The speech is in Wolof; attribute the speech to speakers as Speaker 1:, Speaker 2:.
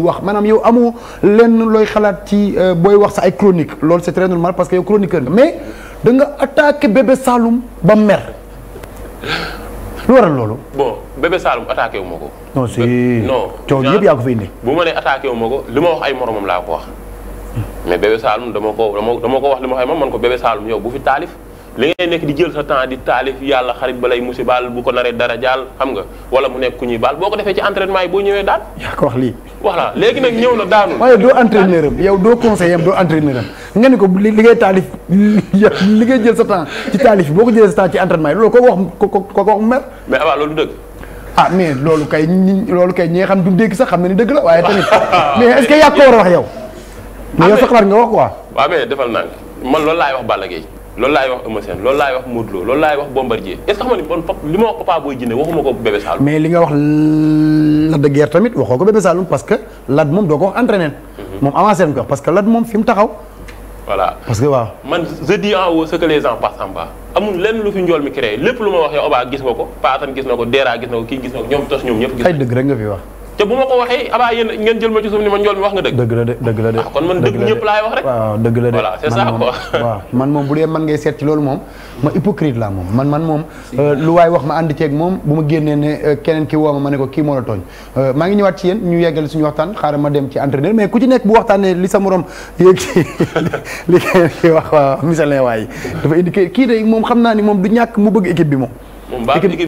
Speaker 1: wax maanaam yow amoo lenn looy xalaat ci euh, booy wax sa ay chronique loolu c'est très normal parce que yow chroniqueur nga mais da nga attaqué bébé Saloum ba mer lu waral loolu.
Speaker 2: bon bébé Saloum attaqué wu ko.
Speaker 1: non si non coow yëpp yaa ko fay indi.
Speaker 2: bu ma nee attaqué wu ma ko li ma wax ay moromam laa ko wax hmm. mais bébé Saloum dama ko dama ko wax li ma wax man ko bébé Saloum yow bu fi taalif. li ngay nekk di jël sa temps di taalif yàlla xarit balay musibaal bu ko naree dara jaal xam nga wala mu nekk ku ñuy baal boo ko defee ci entraînement yi boo ñëwee daan. yaa wax lii. voilà léegi na
Speaker 1: daanu. waaye doo entraîneur am yow doo conseiller am doo entraîneur am nga ne ko li ngay taalif li ngay jël sa temps ci boo ko jëlee sa temps ci entraînement yi loolu ko ko ko wax mer. mais dëgg. ah mais loolu kay ñi loolu kay ñi nga xam du dégg sax xam ne ni dëgg la waaye tamit ah, ah. mais est que yaa ko war a wax yow. mais ah, yow sa nga wax quoi.
Speaker 2: waaw mais defal naa man loolu laay wax Balla Gaye loolu laay wax Eumeu Sène loolu laay wax Modou Lo loolu laay wax Bombardier est-ce que xam li ma wax Papa Boy Djiné waxuma ko Bébé mais
Speaker 1: li nga wax Lac de tamit waxoo ko Bébé Saloum parce que Lac moom doo ko wax entraîné mhm. moom avancé ko parce que Lac moom fi mu taxaw. voilà parce que waaw.
Speaker 2: man je en haut ce que les en bas amul lenn lu fi njool mi créé lépp lu ma wax yow Oba gis nga ko Paatan gis na ko Dera gis na ko kii gis te bu ma ko waxee abaa ah yéen ngeen jël ma ci ni ma njool mi wax nga dëgg. dëgg la de dëgg la de ah, kon man dëgg ñëpp laay wax rek. waaw dëgg la de
Speaker 1: man moom bu dee man ngay seet ci loolu moom ma hypocrite man moom. Euh, lu waay wax ma ànd ceeg moom bu ma génnee ne euh, keneen ki woo ma ma ko kii moo la tooñ. Euh, maa ngi ñëwaat ci yéen ñu yeggal suñu waxtaan xaaral ma dem ci entraîneur mais ku ci nekk bu waxtaanee li sa morom yéeg li keneen ki wax waaw misalin waay dafa indi kii de moom xam naa ni moom du ñàkk mu bëgg équipe bi moom.